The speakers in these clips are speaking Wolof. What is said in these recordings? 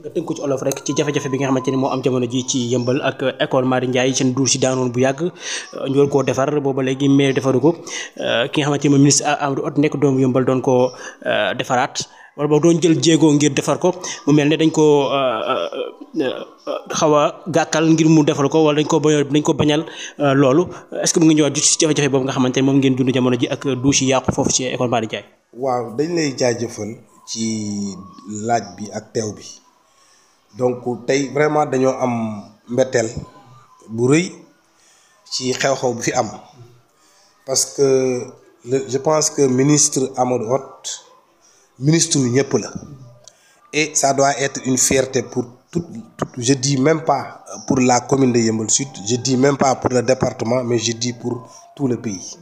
nga tënk ko ci olof rek ci jafe-jafe bi nga xamante ni moo am jamono ji ci yëmbal ak école Mari Ndiaye si daanoon bu yàgg euh, ñu war koo defar booba léegi mais defaru ko euh, ki nga xamante ni moom ministre Amadou Hott nekk doomu yëmbal doon koo euh, defaraat wala boog doon jël jéego ngir defar ko mu mel ne dañ koo xaw a gàkkal ngir mu defar ko wala dañ ko bañal dañ ko bañal loolu est-ce que mu ngi ñëwaat ci nga xamante ni moom ngeen dund jamono ji ak douche yi yàqu foofu ci école Mari Ndiaye waaw dañ lay jaay jaajëfal ci laaj bi ak teew bi donc tey vraiment dañoo am mbetteel bu rëy ci xew-xew bi fi am parce que je pense que ministre Amadou Hott ministre yu ñëpp la et ça doit être une fierté pour tout je dis même pas pour la commune de yembal Sud je dis même pas pour le département mais je dis pour tout le pays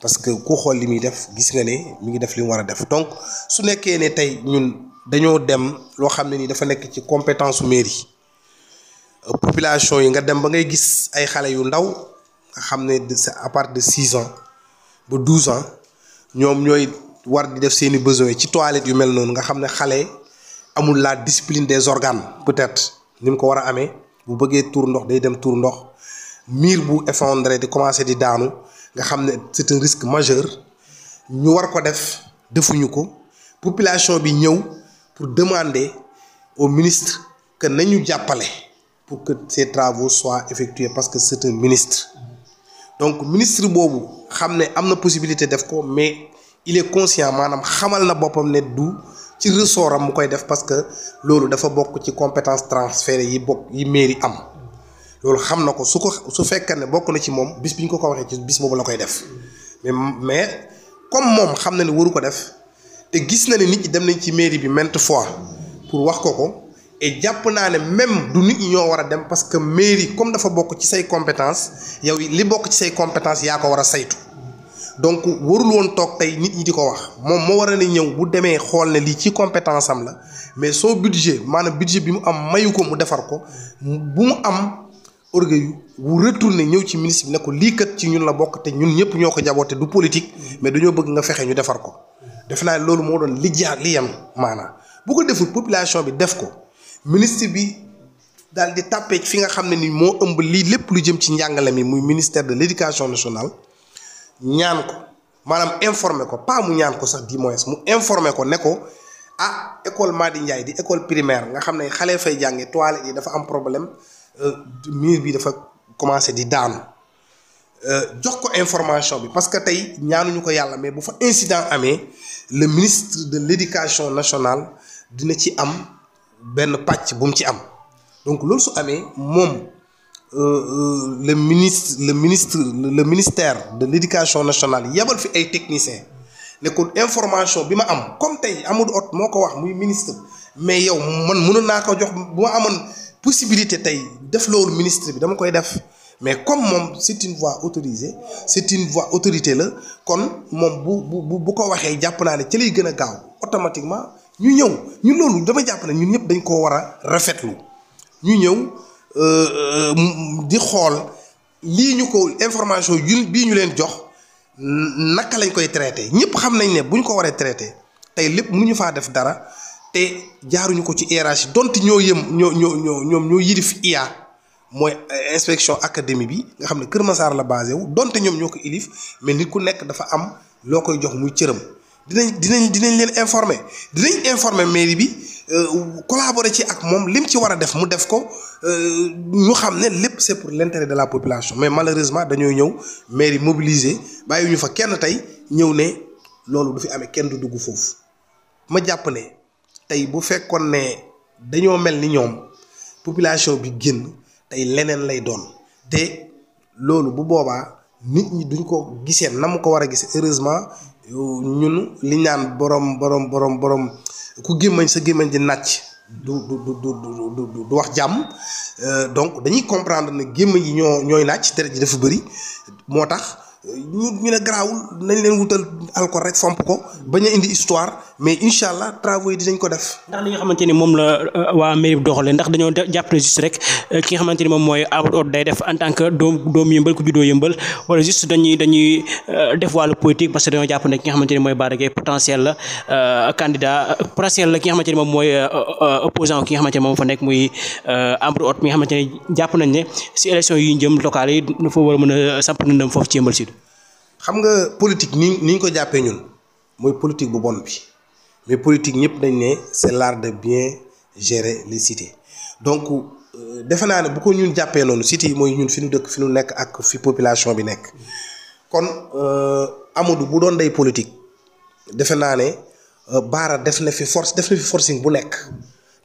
parce que ku xool li muy def gis nga ne mi ngi def li mu war a def donc su nekkee ne tey ñun dañoo dem loo xam ne nii dafa nekk ci compétence su mairie euh, population yi nga dem ba ngay gis ay xale yu ndaw nga xam ne c'est à partir de six ans ba douze ans ñoom ñooy war di def seeni besoin ci toilette yu mel noonu nga xam ne xale amul la discipline des organes peut-être ni mu ko war a amee bu bëggee tour ndox day dem tour ndox miir bu effondré di commencé di daanu nga xam ne c'est un risque majeur ñu war ko def defuñu ko population bi ñëw. pour demander au ministre que nañu jàppale pour que ces travaux soit effectués parce que c'est un ministre donc ministre boobu xam ne am na possibilité def ko mais il est conscient maanaam xamal na boppam ne du ci ressort am mu koy def parce que loolu dafa bokk ci compétence transférée yi bokk yi mairie am loolu xam na ko su ko su fekkee ne bokk na ci moom bis bu ñu ko ko waxee ci bis boobu la koy def mais mais comme moom xam na ne waru ko def te gis na ne nit ñi dem nañ ci mairie bi maintes fois pour wax ko ko e jàpp naa ne même du nit ñoo war a dem parce que mairie comme dafa bokk ci say compétence yow li bokk ci say compétence yaa ko war a saytu donc warul woon toog tey nit ñi di ko wax moom moo war a ne ñëw bu demee xool ne lii ci compétence am la mais soo budget maanaam budget bi mu am mayu ko mu defar ko bu mu am orgueil wu ne ñëw ci ministre bi ne ko liikat ci ñun la bokk te ñun ñëpp ñoo ko jaboote du politique mais dañoo bëgg nga fexe ñu defar ko def naa loolu moo doon li li yem maanaa bu ko deful population bi def ko ministre bi daal di tàppee fi nga xam ne ni moo ëmb lii lépp lu jëm ci njàngale mi muy ministère de l'éducation nationale ñaan ko maanaam informer ko pas mu ñaan ko sax di moins mu informer ko ne ko ah école Madi Ndiaye di école primaire nga xam ne xale fay jànge toilette yi dafa am problème euh, mur bi dafa commencé di daanu euh, jox ko information bi parce que tey ñaanuñu ko yàlla mais bu fa incident amee le ministre de l'éducation nationale dina ci am benn pàcc bu mu ci am donc loolu su amee moom euh, euh, le ministre le ministre le ministère de l'éducation nationale yebal fi ay techniciens ne kon information bi ma am comme tey Amadou Hott moo ko wax muy ministre mais yow man mënoon naa ko jox bu ma amoon possibilité tey def loolu ministre bi dama koy def. mais comme moom c'est une voie autorisée c'est une voie autorité la kon moom bu bu bu ko waxee jàpp naa ne ci lay gën a gaaw automatiquement ñu ñëw ñun loolu dama jàpp ne ñun ñëpp dañ koo war a rafetlu ñu ñëw euh, euh, di xool lii ñu ko information yu bii ñu leen jox naka lañ koy traité ñëpp xam nañ ne buñ ko waree traité tey lépp mu ñu faa def dara te jaaruñu ko ci hiérarchie dont ñoo yëm ñoo ñoo ñoom ñoo yilif IA mooy euh, inspection académie bi nga xam ne Kër Massar la basé wu donte ñoom ñoo ko ilif mais nit ku nekk dafa am loo koy jox muy cëram dinañ dinañ dinañ leen informer dinañ informer mairie bi euh, collaborer ci ak moom lim ci war a def mu def ko euh, ñu xam ne lépp c'est pour l'intérêt de la population mais malheureusement dañoo ñëw mairie mobilisé bàyyi ñu fa kenn tey ñëw ne loolu du fi amee kenn du dugg foofu ma jàpp ne tey bu fekkoon ne dañoo mel ni ñoom population bi génn. tey leneen lay doon te loolu bu boobaa nit ñi duñ ko gisee na mu ko war a gis heureusement ñun li naan borom borom borom borom ku gémmañ sa gémmañ di nàcc du du du du du wax jàmm euh, donc dañuy comprendre ne gémmañ yi ñoo ñooy nàcc deret ji dafa bëri moo tax ñu ñu ne garaawul nañ leen wutal alcool rek fomp ko bañ a indi histoire mais incha allah travaux yi dinañ ko def. ndax ni moom la euh, waa mairie ndax dañoo jàpp ne juste rek euh, ki nga xamante ni moom mooy Amadou Hott day def en tant que doom doomu yëmbal ku juddoo yëmbal wala juste dañuy dañuy euh, def wàllu politique parce que dañoo jàpp ne ki nga xamante ni mooy Bara Gaye potentiel la candidat potentiel la ki nga ni moom mooy opposant ki nga xamante ni moom fa nekk muy Amadou Hott mi nga xamante ni jàpp nañ ne si élection yi ñu jëm locales yi foo war a mën a samp ndëndam foofu ci yëmbal sud. xam nga politique ni ni ñu ko jàppee ñun mooy politique bu bon bi. mais politique ñëpp dañ ne c'est l'art de bien gérer le cités donc euh, defe naa ne bu ko ñun jàppee noonu cités yi mooy ñun fi ñu dëkk fi ñu nekk ak fi population bi nekk kon euh, Amadou bu doon dey politique defe naa ne euh, Baara def na fi force def na fi forcing bu nekk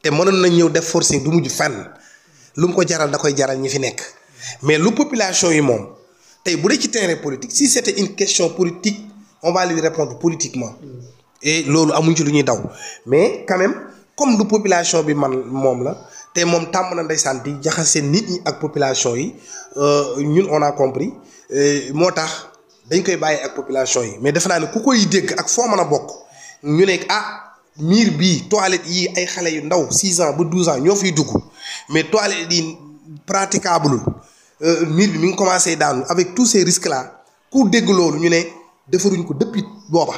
te mënoon nañ ñëw def forcing du mujj fenn lu mu ko jaral da koy jaral ñi fi nekk mais lu population yi moom tey bu dee ci terrain politique si c'était une question politique on va lui répondre politiquement. loolu amuñ ci lu ñuy daw mais quand comme lu population bi man moom la te moom tàmm na ndeysaan di jaxase nit ñi ak population yi euh, ñun on a compris moo tax dañ koy bàyyi ak population yi mais defe naa ne ku koy dégg ak foo mën a bokk ñu ne ah miir bii toilette yi ay xale yu ndaw 6 ans ba 12 ans ñoo fiy dugg mais toilette yi praticable euh, miir bi mi ngi commencé daanu avec tous ces risques là ku dégg loolu ñu ne defaruñ ko depuis booba.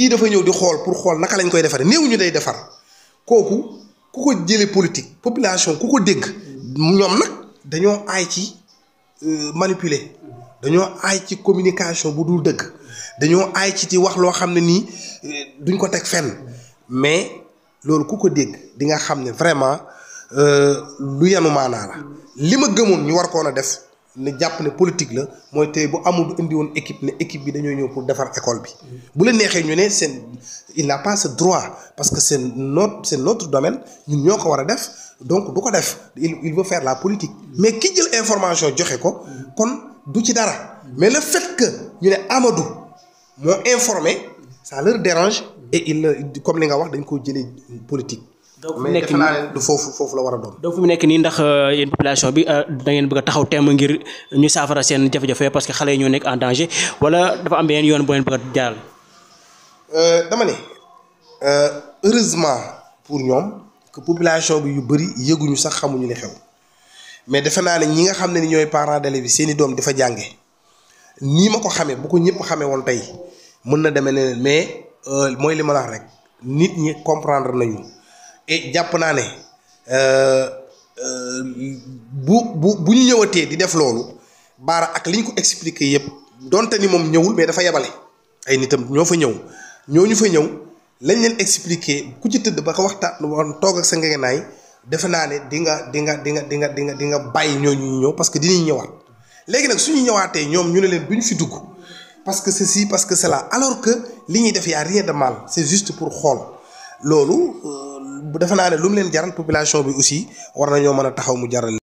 kii dafa ñëw di xool pour xool naka lañ koy defaree néew ñu day defar kooku ku ko jële politique population ku ko dégg ñoom nag dañoo ay ci euh, manipuler dañoo ay ci communication bu dul dëgg dañoo aay ci di wax loo xam ne nii euh, duñ ko teg fenn mais loolu ku ko dégg di nga xam ne vraiment euh, lu yanu maanaa la li ma gëmoon ñu war koon a def. ne jàpp ne politique la mooy tey bu amul indi woon équipe ne équipe bi dañoo ñëw pour defar école bi bu la neexee ñu ne seen il n'a pas ce droit parce que seen notre seen notre domaine ñun ñoo ko war a def donc du ko def il il veut la politique mais ki jël information joxe ko kon du ci dara mais la fait que ñu ne Amadou moo informé ça leur dérange et il comme li nga wax dañ ko jëlee politique donc fu nekk nii du foofu foofu la war a doon. donc fu mu nekk nii ndax euh, bi euh, da ngeen bëgg a taxaw temm ngir ñu saafara seen jafe parce que xale yi nekk en wala dafa am beneen yoon boo leen bëgg a jaaral. Euh, dama ne pour ñoom population bi yu bëri yëguñu sax xamuñu li mais defe naa ne ñi nga xam ne ni ñooy parents d'élèves bi seen i doom dafa jànge nii ma ko xamee bu ko ñëpp xamee woon tey mën na demee ne mais mooy li ma la rek nit ñi comprendre nañu. jàpp naa ne euh, euh, bu bu bu ñu ñëwatee di def loolu baara ak li ñu ko expliquer yëpp donte ni moom ñëwul mais dafa yebale ay nitam ñoo fa ñëw ñu fa ñëw lañ leen expliqué ku ci tëdd ba ko waxtaan woon toog ak sa ngegenaay defe naa ne di nga di nga di nga di nga di nga di nga bàyyi ñooñu ñu ñëw parce que dinañ ñëwaat léegi nag suñu ñëwaatee ñoom ñu ne leen duñ fi dugg parce que ceci parce que cela alors que li ñuy def y a de mal c'est juste pour xool loolu. Euh, bu defe naa ne lu leen jaral population bi aussi war nañoo mën a taxaw mu jaral